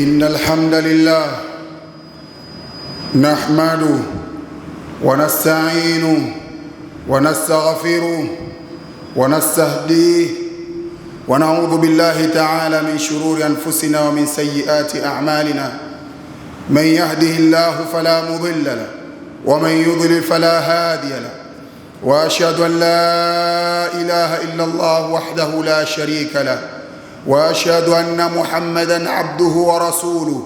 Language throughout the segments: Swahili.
إن الحمد لله نحمده ونستعينه ونستغفره ونستهديه ونعوذ بالله تعالى من شرور أنفسنا ومن سيئات أعمالنا من يهده الله فلا مضل له ومن يضلل فلا هادي له وأشهد أن لا إله إلا الله وحده لا شريك له واشهد ان محمدا عبده ورسوله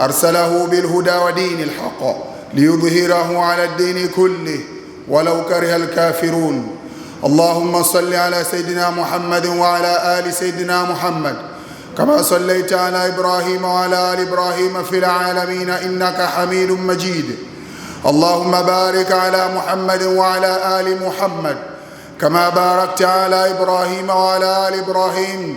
ارسله بالهدى ودين الحق ليظهره على الدين كله ولو كره الكافرون اللهم صل على سيدنا محمد وعلى ال سيدنا محمد كما صليت على ابراهيم وعلى ال ابراهيم في العالمين انك حميد مجيد اللهم بارك على محمد وعلى ال محمد كما باركت على ابراهيم وعلى ال ابراهيم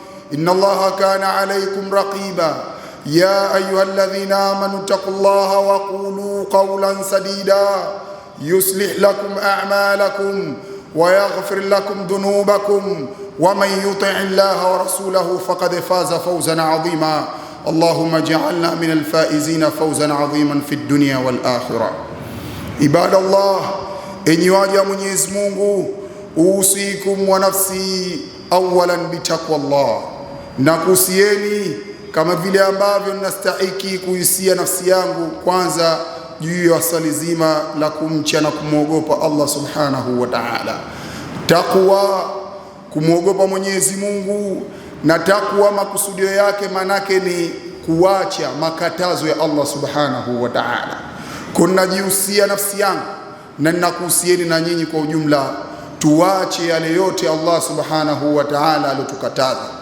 إن الله كان عليكم رقيبا يا أيها الذين آمنوا اتقوا الله وقولوا قولا سديدا يصلح لكم أعمالكم ويغفر لكم ذنوبكم ومن يطع الله ورسوله فقد فاز فوزا عظيما اللهم اجعلنا من الفائزين فوزا عظيما في الدنيا والآخرة عباد الله إن يواجه من يزمونه أوصيكم ونفسي أولا بتقوى الله na kuhusieni kama vile ambavyo ninastahiki kuhusia nafsi yangu kwanza juu ya swali zima la kumcha na kumwogopa Allah subhanahu wa ta'ala. Takwa, kumwogopa Mwenyezi Mungu na takwa makusudio yake manake ni kuacha makatazo ya Allah subhanahu wa ta'ala. Kunajihusia nafsi yangu na ninakuhusieni na nyinyi kwa ujumla, tuwache yale yote Allah subhanahu wa ta'ala aliyotukataza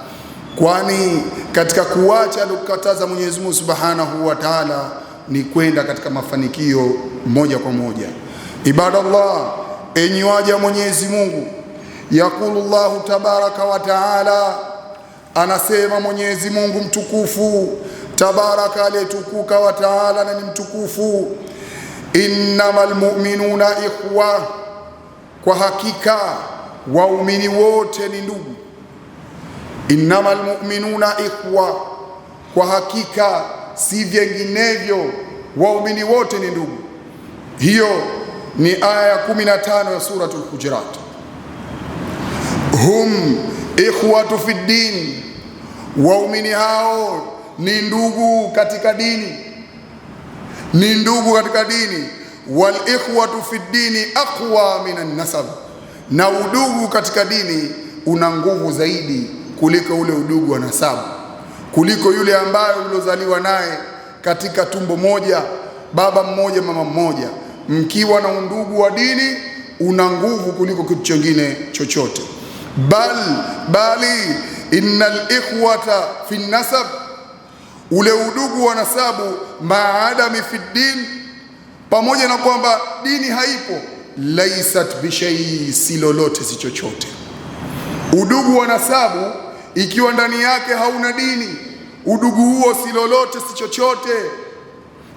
kwani katika kuacha alokukataza Mwenyezi Mungu Subhanahu wa Ta'ala ni kwenda katika mafanikio moja kwa moja. Ibadallah, enyi waja Mwenyezi Mungu, yakulu tabaraka wa taala, anasema Mwenyezi Mungu mtukufu, tabaraka aliyetukuka, wa taala na ni mtukufu. Innamal mu'minuna ikhwa, kwa hakika waumini wote ni ndugu innama lmuminuna ikhwa, kwa hakika si vinginevyo waumini wote ni ndugu. Hiyo ni aya ya 15 ya surat Hujurat. Hum ikhwatu fi din, waumini hao ni ndugu katika dini, ni ndugu katika dini. Wal ikhwatu fi ddini aqwa minan nasab, na udugu katika dini una nguvu zaidi kuliko ule udugu wa nasabu, kuliko yule ambaye uliozaliwa naye katika tumbo moja, baba mmoja, mama mmoja, mkiwa na undugu wa dini una nguvu kuliko kitu chengine chochote. Bal bali innal ikhwata fi nasab, ule udugu wa nasabu maadami fi din, pamoja na kwamba dini haipo, laisat bishai, si lolote, si chochote. Udugu wa nasabu ikiwa ndani yake hauna dini, udugu huo si lolote, si chochote,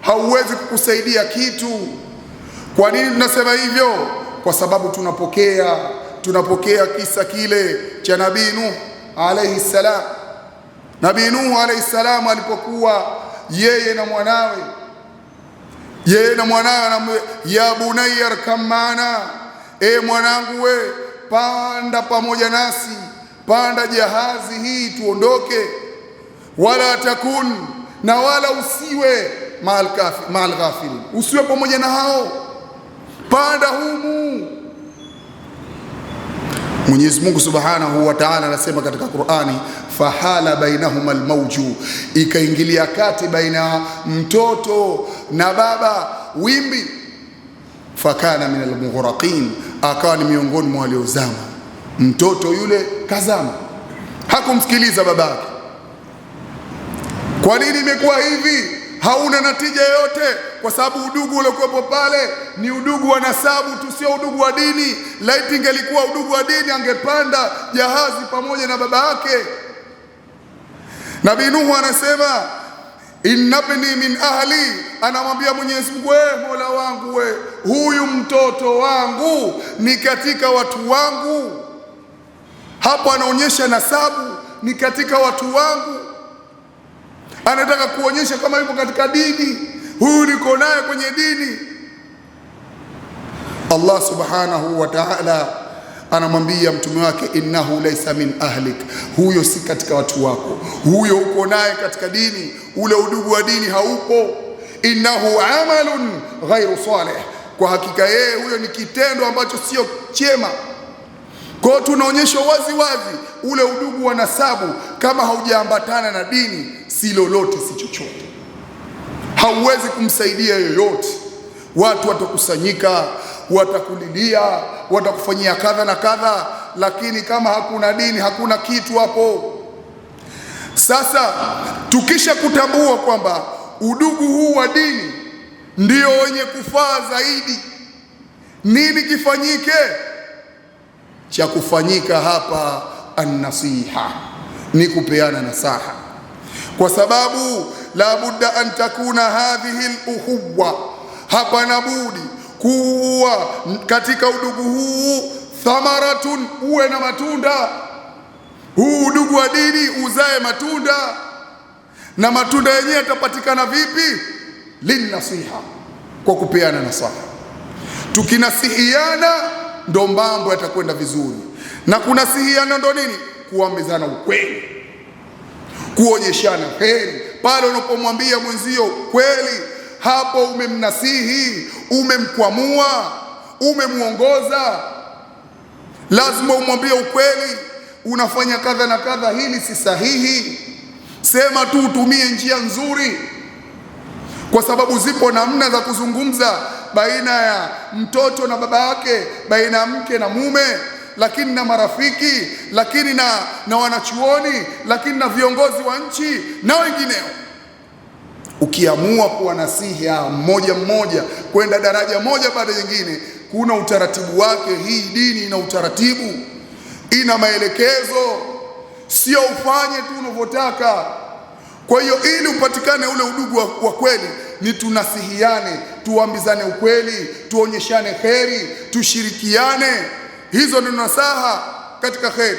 hauwezi kukusaidia kitu. Kwa nini tunasema hivyo? Kwa sababu tunapokea tunapokea kisa kile cha Nabii Nuh alayhi salam. Nabii Nuh alayhi salam alipokuwa yeye na mwanawe yeye na mwanawe na ya bunayya rkam maana, e mwanangu, we panda pamoja nasi panda jahazi hii tuondoke, wala takun na wala usiwe maal ghafil, usiwe pamoja na hao, panda humu. Mwenyezi Mungu Subhanahu wa Ta'ala anasema katika Qur'ani, fahala bainahuma almauju, ikaingilia kati baina mtoto na baba wimbi, fakana min almughraqin, akawa ni miongoni mwa waliozama Mtoto yule kazama, hakumsikiliza babake. Kwa nini imekuwa hivi? Hauna natija yoyote, kwa sababu udugu uliokuwepo pale ni udugu wa nasabu tu, sio udugu wa dini. Laiti ingelikuwa udugu wa dini, angepanda jahazi pamoja na baba yake. Nabii Nuhu anasema innabni min ahli, anamwambia Mwenyezi Mungu, we Mola wangu, we huyu mtoto wangu ni katika watu wangu hapo anaonyesha nasabu ni katika watu wangu, anataka kuonyesha kama yupo katika dini, huyu niko naye kwenye dini. Allah subhanahu wa ta'ala anamwambia mtume wake, innahu laisa min ahlik, huyo si katika watu wako, huyo uko naye katika dini, ule udugu wa dini haupo. Innahu amalun ghairu salih, kwa hakika yeye huyo ni kitendo ambacho sio chema kwa tunaonyesha wazi wazi ule udugu wa nasabu, kama haujaambatana na dini, si lolote, si chochote, hauwezi kumsaidia yoyote. Watu watakusanyika, watakulilia, watakufanyia kadha na kadha, lakini kama hakuna dini, hakuna kitu hapo. Sasa tukisha kutambua kwamba udugu huu wa dini ndio wenye kufaa zaidi, nini kifanyike? cha kufanyika hapa annasiha ni kupeana nasaha, kwa sababu la budda an takuna hadhihi luhuwa, hapana budi kuwa katika udugu huu thamaratun, uwe na matunda. Huu udugu wa dini uzae matunda, na matunda yenyewe yatapatikana vipi? Linnasiha, kwa kupeana nasaha, tukinasihiana ndo mambo yatakwenda vizuri. Na kuna sihiano ndo nini? Kuambizana ukweli, kuonyeshana heri. Pale unapomwambia mwenzio kweli, hapo umemnasihi, umemkwamua, umemwongoza. Lazima umwambie ukweli, unafanya kadha na kadha, hili si sahihi. Sema tu, utumie njia nzuri, kwa sababu zipo namna za kuzungumza baina ya mtoto na baba yake, baina ya mke na mume, lakini na marafiki, lakini na, na wanachuoni, lakini na viongozi wa nchi na wengineo. Ukiamua kuwa hawa mmoja mmoja kwenda daraja moja baada nyingine, kuna utaratibu wake. Hii dini ina utaratibu, ina maelekezo, sio ufanye tu unavyotaka. Kwa hiyo ili upatikane ule udugu wa, wa kweli ni tunasihiane, tuambizane ukweli, tuonyeshane kheri, tushirikiane. Hizo ni nasaha katika kheri.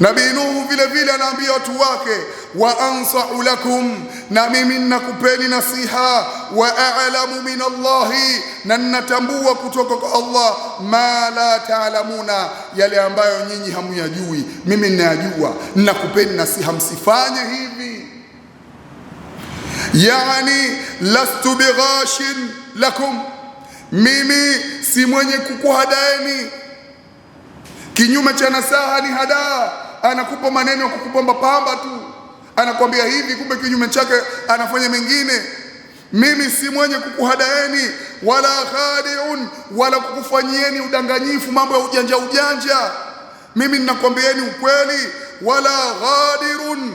Nabii Nuhu vile vile anaambia watu wake, wa ansahu lakum, na mimi ninakupeni nasiha. Wa a'lamu min Allahi, na ninatambua kutoka kwa Allah, ma la taalamuna, yale ambayo nyinyi hamuyajui, mimi ninayajua. Ninakupeni nasiha, msifanye hivi. Yani lastu bighashin lakum, mimi si mwenye kukuhadaeni. Kinyume cha nasaha ni hadaa anakupa maneno ya kukupa pamba tu, anakwambia hivi, kumbe kinyume chake anafanya mengine. Mimi si mwenye kukuhadaeni wala khadiun wala kukufanyieni udanganyifu, mambo ya ujanja ujanja. Mimi ninakwambieni ukweli. Wala ghadirun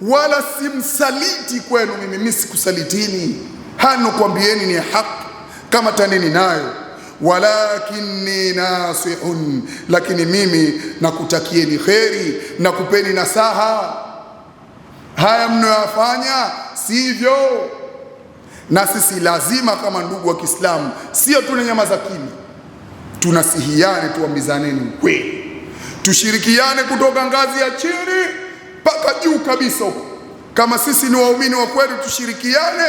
wala simsaliti kwenu, mimi mimi sikusalitini. Haya ninakwambieni ni haki, kama taneni nayo walakinni nasihun, lakini mimi nakutakieni kheri, nakupeni nasaha. Haya mnayoyafanya sivyo, na sisi lazima kama ndugu wa Kiislamu sio tuna nyama za kimi, tunasihiane, tuambizaneni kweli tushirikiane kutoka ngazi ya chini mpaka juu kabisa huko. Kama sisi ni waumini wa kweli, tushirikiane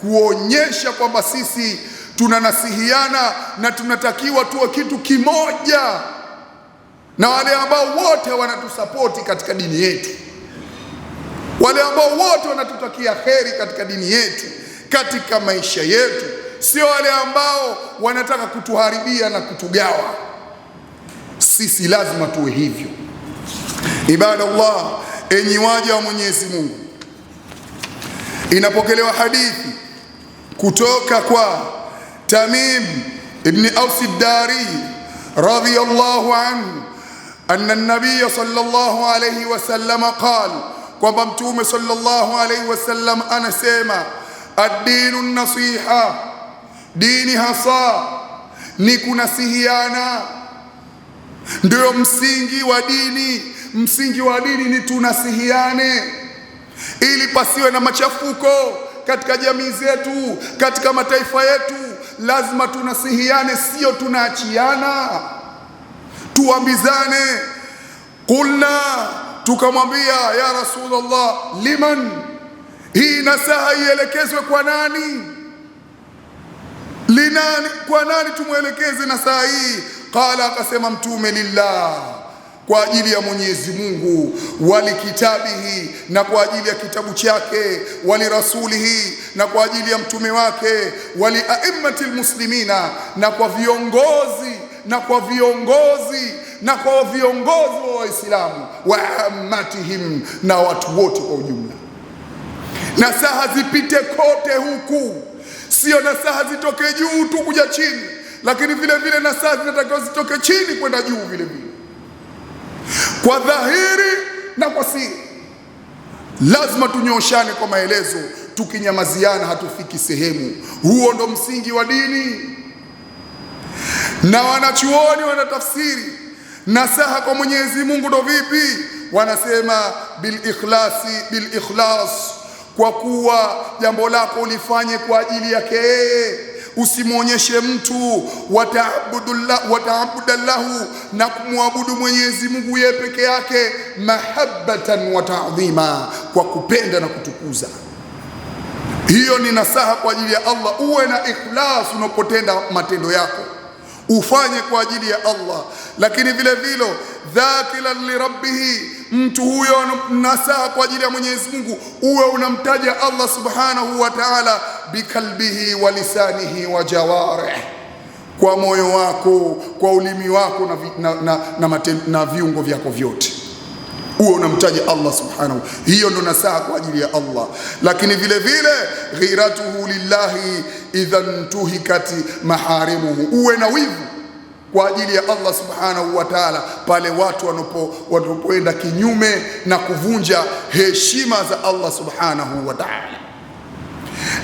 kuonyesha kwamba sisi tunanasihiana na tunatakiwa tuwe kitu kimoja na wale ambao wote wanatusapoti katika dini yetu, wale ambao wote wanatutakia heri katika dini yetu, katika maisha yetu, sio wale ambao wanataka kutuharibia na kutugawa. Sisi lazima tuwe hivyo. Ibadallah, enyi waja wa Mwenyezi Mungu, inapokelewa hadithi kutoka kwa tamim ibn aus الداري رضي الله عنه an النبي صلى الله عليه وسلم قال kwamba mtume sallallahu alaihi wasallam anasema adinu nasiha, dini hasa ni kunasihiana, ndio msingi wa dini. Msingi wa dini ni tunasihiane, ili pasiwe na machafuko katika jamii zetu, katika mataifa yetu lazima tunasihiane, sio tunaachiana, tuambizane. Kulna, tukamwambia ya Rasulullah, liman, hii nasaha ielekezwe kwa nani? Linani, kwa nani tumwelekeze nasaha hii? Qala, akasema Mtume, lillah kwa ajili ya Mwenyezi Mungu, walikitabihi, na kwa ajili ya kitabu chake, walirasulihi, na kwa ajili ya mtume wake, wali aimmati lmuslimina, na kwa viongozi na kwa viongozi na kwa viongozi wa Waislamu wa ammatihim, na watu wote kwa ujumla. Na saha zipite kote huku, sio na saha zitoke juu tu kuja chini, lakini vile vile na zinatakiwa zitoke chini kwenda juu vile vile kwa dhahiri na kwa siri. Lazima tunyoshane kwa maelezo, tukinyamaziana hatufiki sehemu. Huo ndo msingi wa dini. Na wanachuoni wanatafsiri nasaha kwa Mwenyezi Mungu ndo vipi? Wanasema bil ikhlas, kwa kuwa jambo lako ulifanye kwa ajili yake yeye usimwonyeshe mtu wataabuda lahu, na kumwabudu Mwenyezi Mungu yeye peke yake, mahabbatan wa taadhima, kwa kupenda na kutukuza. Hiyo ni nasaha kwa ajili ya Allah, uwe na ikhlas unapotenda matendo yako ufanye kwa ajili ya Allah, lakini vile vile dhakiran lirabbihi, mtu huyo nasaha kwa ajili ya Mwenyezi Mungu, uwe unamtaja Allah subhanahu wa ta'ala bikalbihi wa lisanihi wa jawarih, kwa moyo wako, kwa ulimi wako na, na, na, na, na viungo vyako vyote uwe unamtaja Allah subhanahu. Hiyo ndo nasaha kwa ajili ya Allah, lakini vile vile ghiratuhu lillahi idha ntuhikat maharimuhu, uwe na wivu kwa ajili ya Allah subhanahu wa taala pale watu wanapoenda kinyume na kuvunja heshima za Allah subhanahu wa taala.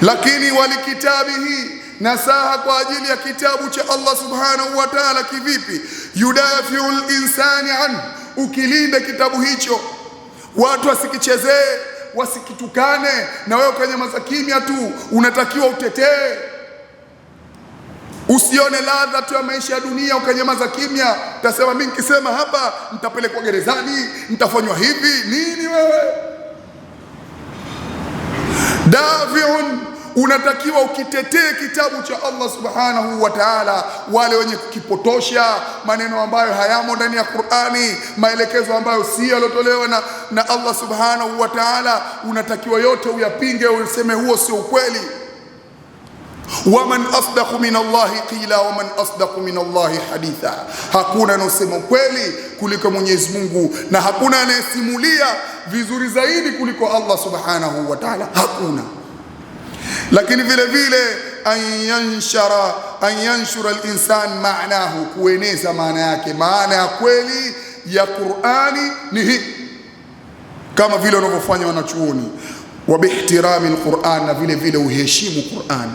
Lakini walikitabihi nasaha kwa ajili ya kitabu cha Allah subhanahu wa taala, kivipi? yudafiu linsani anhu ukilinde kitabu hicho, watu wasikichezee, wasikitukane, na wewe ukanyamaza kimya tu. Unatakiwa utetee, usione ladha tu ya maisha ya dunia ukanyamaza kimya. Utasema mimi nikisema hapa nitapelekwa gerezani, nitafanywa hivi nini? Wewe Davion unatakiwa ukitetee kitabu cha Allah subhanahu wa ta'ala. Wale wenye kukipotosha maneno ambayo hayamo ndani ya Qur'ani, maelekezo ambayo si yalotolewa na, na Allah subhanahu wa ta'ala, unatakiwa yote uyapinge, useme huo sio ukweli. Waman asdaqu min Allahi qila waman asdaqu min Allahi haditha, hakuna anayosema ukweli kuliko Mwenyezi Mungu na hakuna anayesimulia vizuri zaidi kuliko Allah subhanahu wa ta'ala, hakuna lakini vile vile anyanshara anyanshura al maanahu, kueneza maana yake. Maana ya kweli ya Qur'ani ni hii, kama vile wanavyofanya wanachuoni wa bihtirami al na vile vile uheshimu Qur'ani,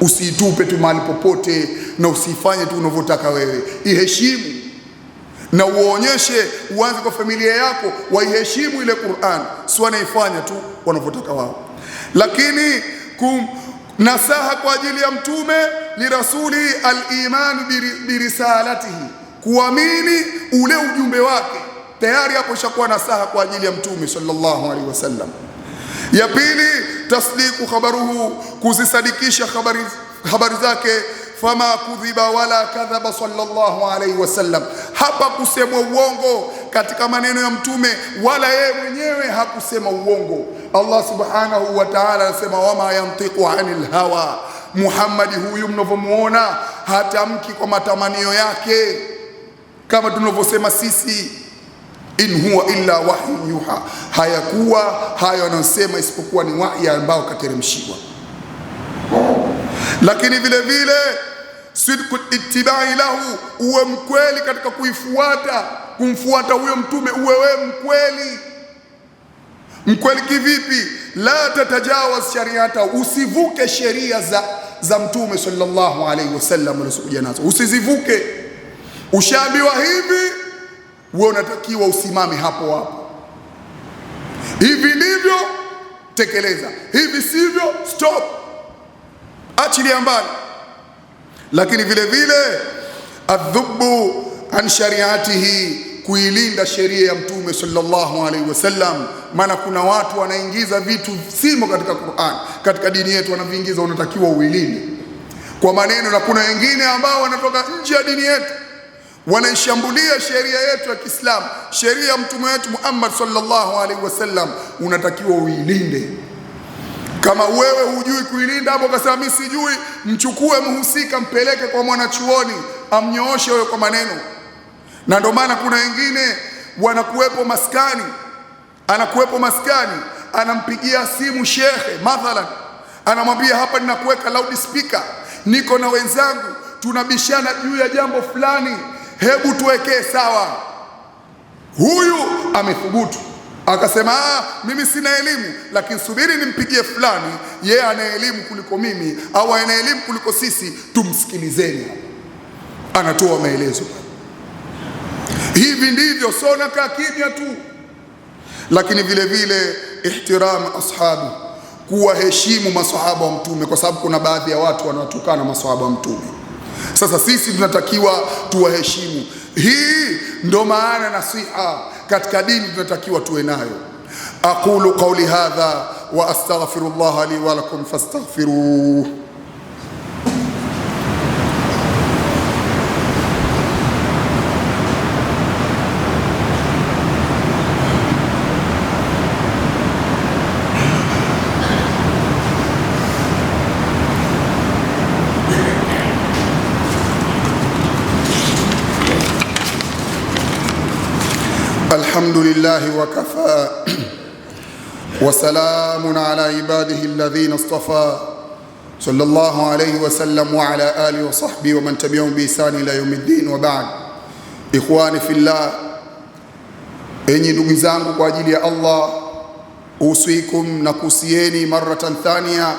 usiitupe tu mahali popote na usifanye tu unavyotaka wewe, iheshimu na uonyeshe, uanze kwa familia yako, waiheshimu ile Qur'an, si wanaifanya tu wanavyotaka wao, lakini kum nasaha kwa ajili ya mtume lirasuli al-iman birisalatihi, kuamini ule ujumbe wake. Tayari hapo ishakuwa nasaha kwa ajili ya mtume sallallahu alaihi wasallam. Ya pili, tasdiku khabaruhu, kuzisadikisha habari habari zake. Fama kudhiba wala kadhaba sallallahu alaihi wasallam, hapa kusemwa uongo katika maneno ya Mtume, wala yeye mwenyewe hakusema uongo. Allah subhanahu wa ta'ala anasema, wama yantiqu anil hawa, Muhammadi huyu mnavyomuona hatamki kwa matamanio yake kama tunavyosema sisi, in huwa illa wahyu yuha, hayakuwa hayo anayosema isipokuwa ni wahi ambao kateremshiwa. Lakini vile vile sidqu ittibai lahu, uwe mkweli katika kuifuata kumfuata huyo mtume uwe wewe mkweli. Mkweli kivipi? La tatajawaz shariata, usivuke sheria za, za mtume sallallahu alaihi wasallam alizokuja nazo usizivuke. Ushaambiwa hivi, wewe unatakiwa usimame hapo hapo. Hivi ndivyo tekeleza, hivi sivyo stop, achilia mbali. Lakini vile vile adhubu an shariatihi kuilinda sheria ya mtume sallallahu alaihi wasallam. Maana kuna watu wanaingiza vitu simo katika Qur'an, katika dini yetu wanaviingiza, unatakiwa uilinde kwa maneno, na kuna wengine ambao wanatoka nje ya dini yetu wanaishambulia sheria yetu ya Kiislamu, sheria ya mtume wetu Muhammad sallallahu alaihi wasallam, unatakiwa uilinde. Kama wewe hujui kuilinda hapo, kasema mimi sijui, mchukue mhusika, mpeleke kwa mwanachuoni amnyooshe wewe kwa maneno na ndio maana kuna wengine wanakuwepo maskani, anakuwepo maskani, anampigia simu shekhe mathalan, anamwambia hapa ninakuweka speaker, niko na wenzangu tunabishana juu ya jambo fulani, hebu tuwekee sawa. Huyu amethubutu akasema, ah, mimi sina elimu, lakini subiri nimpigie fulani, yeye ana elimu kuliko mimi au ana elimu kuliko sisi, tumsikilizeni. Anatoa maelezo. Hivi ndivyo sio nakaa kimya tu, lakini vile vile ihtiramu ashabu, kuwaheshimu maswahaba wa Mtume, kwa sababu kuna baadhi ya watu wanaotukana maswahaba wa Mtume. Sasa sisi tunatakiwa tuwaheshimu. Hii ndo maana nasiha katika dini tunatakiwa tuwe nayo. Aqulu qawli hadha wa astaghfirullah li wa lakum fastaghfiruh Alhamdulillahi wakafa wa salamun ala ibadihi alladhina istafa sallallahu alayhi wa sallam wa ala alihi wa sahbihi wa man tabi'ahum bi ihsani ila yawmiddin wa ba'd. Ikhwani fillah, enyi ndugu zangu kwa ajili ya Allah, uswikum na kusieni maratan thania,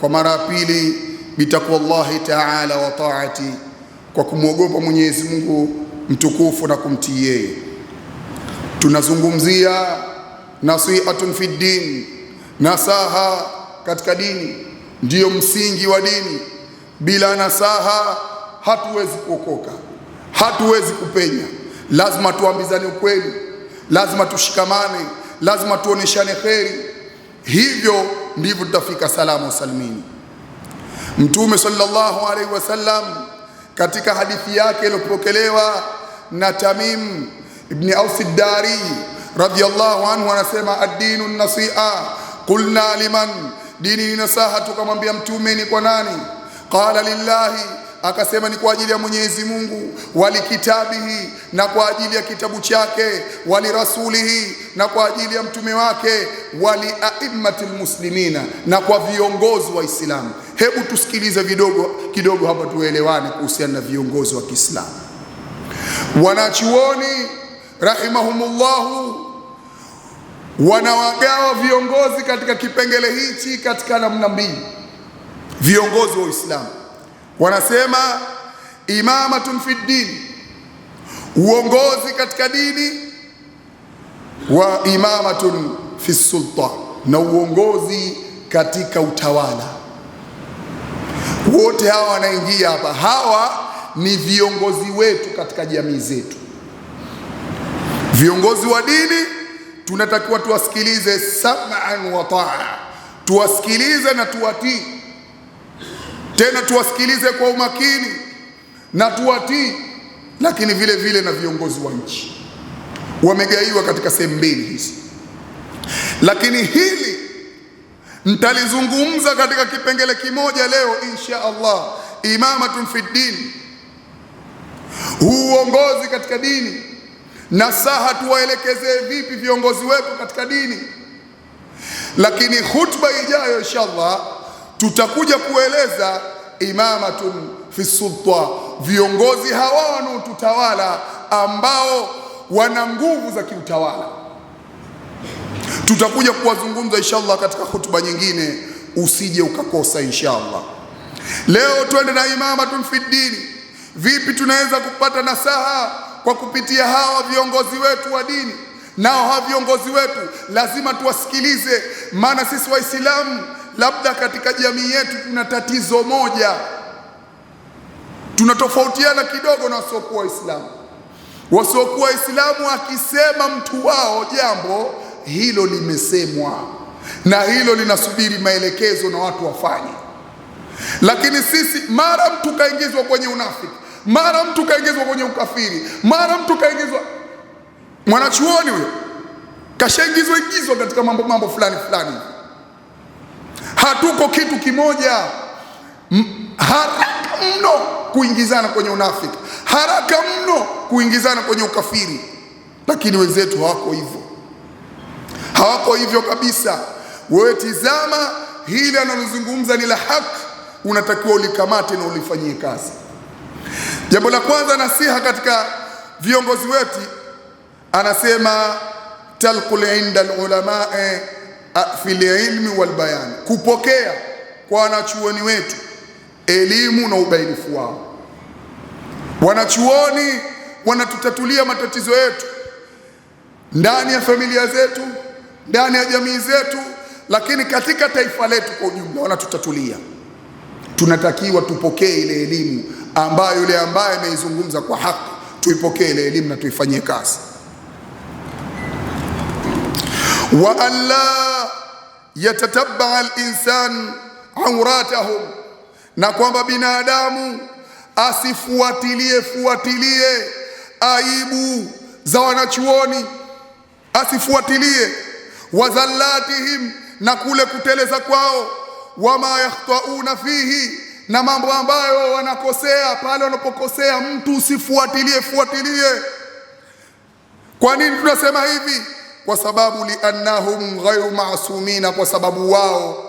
kwa mara ya pili, bitaqwallahi ta'ala wa ta'ati, kwa kumwogopa Mwenyezi Mungu mtukufu na kumtii yeye tunazungumzia nasihatun fi din, nasaha katika dini ndiyo msingi wa dini. Bila nasaha hatuwezi kuokoka, hatuwezi kupenya. Lazima tuambizane ukweli, lazima tushikamane, lazima tuoneshane kheri. Hivyo ndivyo tutafika salama usalimini. Mtume sallallahu alaihi wasallam katika hadithi yake iliyopokelewa na Tamimu Ibni Ausi Dari radhiyallahu anhu anasema ad-dinu nasiha, qulna liman, dini ni nasaha, tukamwambia mtume ni kwa nani? Qala lillahi akasema ni kwa ajili ya Mwenyezi Mungu, walikitabihi, na kwa ajili ya kitabu chake, walirasulihi, na kwa ajili ya mtume wake, waliaimmati lmuslimina, na kwa viongozi wa Islamu. Hebu tusikilize vidogo kidogo hapa tuelewane kuhusiana na viongozi wa Kiislamu. Wanachuoni rahimahumullahu wanawagawa viongozi katika kipengele hichi katika namna mbili. Viongozi wa Uislamu wanasema imamatun fi ddini, uongozi katika dini, wa imamatun fi sulta, na uongozi katika utawala. Wote hawa wanaingia hapa, hawa ni viongozi wetu katika jamii zetu. Viongozi wa dini tunatakiwa tuwasikilize sam'an wa taa, tuwasikilize na tuwatii, tena tuwasikilize kwa umakini na tuwatii. Lakini vile vile na viongozi wa nchi wamegaiwa katika sehemu mbili hizi, lakini hili ntalizungumza katika kipengele kimoja leo insha Allah, imamatun fi ddin, huu uongozi katika dini nasaha tuwaelekezee vipi viongozi wetu katika dini. Lakini hutuba ijayo inshallah tutakuja kueleza imamatun fi sulta, viongozi hawa wanaotutawala ambao wana nguvu za kiutawala, tutakuja kuwazungumza inshallah katika hutuba nyingine, usije ukakosa inshallah. Leo twende na imamatun fi dini, vipi tunaweza kupata nasaha kwa kupitia hawa viongozi wetu wa dini. Nao hawa viongozi wetu lazima tuwasikilize, maana sisi Waislamu labda katika jamii yetu tuna tatizo moja, tunatofautiana kidogo na wasiokuwa Waislamu. Wasiokuwa Waislamu akisema mtu wao jambo hilo limesemwa na hilo linasubiri maelekezo na watu wafanye, lakini sisi mara mtu kaingizwa kwenye unafiki mara mtu kaingizwa kwenye ukafiri, mara mtu kaingizwa. Mwanachuoni huyo kashaingizwa ingizwa katika mambo mambo fulani fulani. Hatuko kitu kimoja, haraka mno kuingizana kwenye unafiki, haraka mno kuingizana kwenye ukafiri, lakini wenzetu hawako hivyo, hawako hivyo kabisa. Wewe tizama hili analozungumza ni la haki, unatakiwa ulikamate na ulifanyie kazi. Jambo la kwanza, nasiha katika viongozi wetu, anasema talqul inda alulamaa fi lilmi walbayan, kupokea kwa wanachuoni wetu elimu na ubainifu wao. Wanachuoni wanatutatulia matatizo yetu ndani ya familia zetu, ndani ya jamii zetu, lakini katika taifa letu kwa ujumla wanatutatulia tunatakiwa tupokee ile elimu ambayo yule ambaye ameizungumza kwa haki, tuipokee ile elimu na tuifanyie kazi. wa alla la yatatabaa linsan auratahum, na kwamba binadamu asifuatilie fuatilie aibu za wanachuoni, asifuatilie wazallatihim, na kule kuteleza kwao wama yakhtauna fihi, na mambo ambayo wanakosea pale wanapokosea. Mtu usifuatilie fuatilie. Kwa nini tunasema hivi? Kwa sababu liannahum ghairu masumina, kwa sababu wao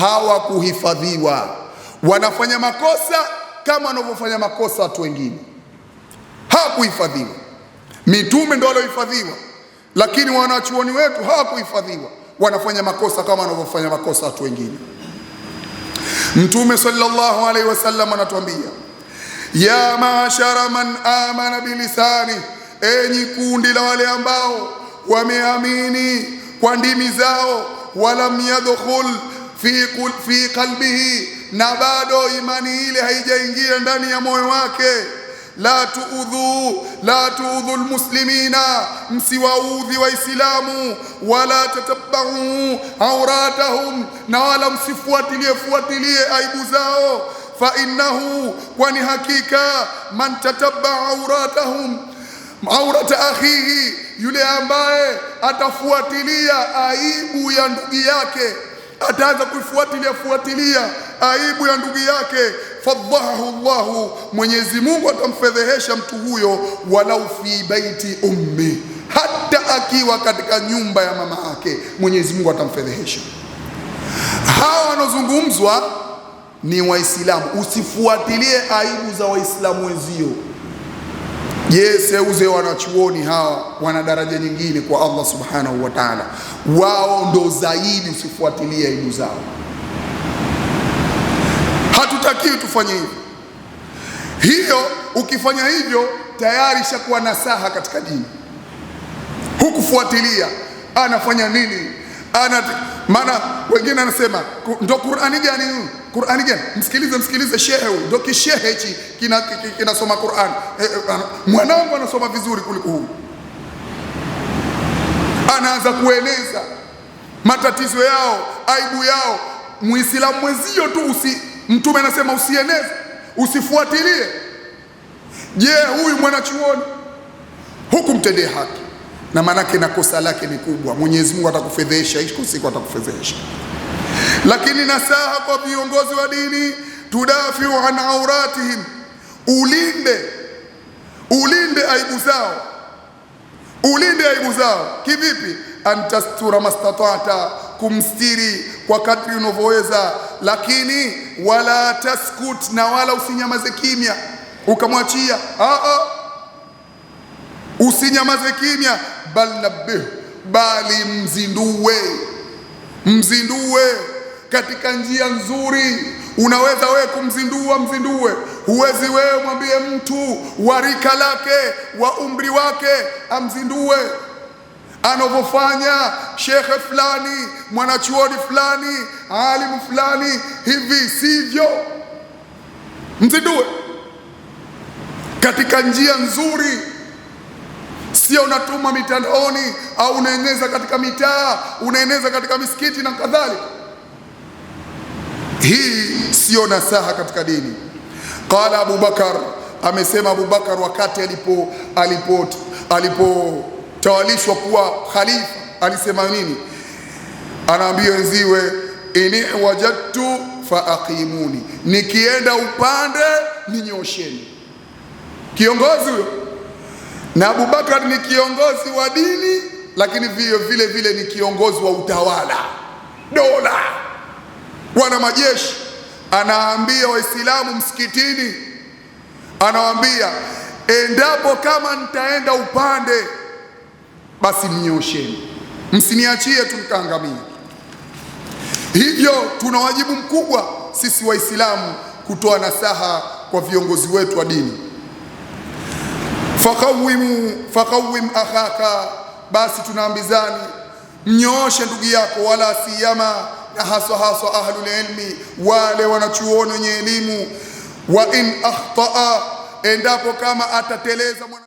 hawakuhifadhiwa, wanafanya makosa kama wanavyofanya makosa watu wengine, hawakuhifadhiwa. Mitume ndo waliohifadhiwa, lakini wanachuoni wetu hawakuhifadhiwa, wanafanya makosa kama wanavyofanya makosa watu wengine. Mtume sallallahu alaihi wasallam anatuambia, ya mashara man amana bilisani, enyi kundi la wale ambao wameamini kwa ndimi zao, walam yadkhul fi, fi qalbihi, na bado imani ile haijaingia ndani ya moyo wake la tuudhu la tuudhu lmuslimina, msiwaudhi Waislamu. Wala tatabau auratahum, na wala msifuatilie fuatilie aibu zao. Fa innahu, kwani hakika man tatabba auratahum aurata akhihi, yule ambaye atafuatilia aibu ya ndugu yake, ataanza kuifuatilia fuatilia aibu ya ndugu yake fadhahahu llahu Mwenyezi Mungu atamfedhehesha mtu huyo, walau fi baiti ummi, hata akiwa katika nyumba ya mama yake Mwenyezi Mungu atamfedhehesha. Hawa wanaozungumzwa ni Waislamu. Usifuatilie aibu za Waislamu wenzio. Je, seuze wanachuoni hawa, wana daraja nyingine kwa Allah subhanahu wa taala, wao ndo zaidi. Usifuatilie aibu zao. Hatutakiwi tufanye hivyo. Hiyo ukifanya hivyo tayari ishakuwa nasaha katika dini, hukufuatilia anafanya nini ana maana. Wengine anasema ndo Qur'ani gani huu? Qur'ani gani? Msikilize, msikilize shehe huyu, ndo kishehe hichi kinasoma kina Qur'an. E, mwanangu anasoma vizuri kuliko huyu. Anaanza kueleza matatizo yao, aibu yao, muislamu mwenzio tu usi Mtume anasema usieneze, usifuatilie. Je, huyu mwanachuoni hukumtendee haki, na maanake na kosa lake ni kubwa, Mwenyezi Mungu atakufedhesha, iko siku atakufedhesha. Lakini nasaha kwa viongozi wa dini, tudafiu an auratihim, ulinde ulinde aibu zao, ulinde aibu zao. Kivipi? antastura mastatata kumstiri kwa kadri unavyoweza, lakini wala taskut, na wala usinyamaze kimya ukamwachia. Ah, ah. Usinyamaze kimya, bal nabih, bali mzindue, mzindue katika njia nzuri. Unaweza wewe kumzindua, mzindue. Huwezi wewe mwambie mtu wa rika lake wa umri wake amzindue anavyofanya shekhe fulani, mwanachuoni fulani, alimu fulani, hivi sivyo. Mzidue katika njia nzuri, sio unatuma mitandaoni au unaeneza katika mitaa, unaeneza katika misikiti na kadhalika. Hii siyo nasaha katika dini. Qala Abubakar, amesema Abubakar wakati alipo alipo alipo kutawalishwa kuwa khalifa, alisema nini? Anaambia wenziwe, ini wajadtu fa aqimuni, nikienda upande ninyosheni. Kiongozi huyo na Abubakar ni kiongozi wa dini, lakini vile vile vile ni kiongozi wa utawala dola, wana majeshi. Anaambia Waislamu msikitini, anawaambia endapo kama nitaenda upande basi mnyosheni, msiniachie tu mkaangamia. Hivyo tuna wajibu mkubwa sisi Waislamu kutoa nasaha kwa viongozi wetu wa dini. Fakawimu fakawim akhaka, basi tunaambizani mnyooshe ndugu yako, wala siyama na haswa haswa ahlul ilmi, wale wanachuoni wenye elimu. Wa in akhtaa, endapo kama atateleza mwana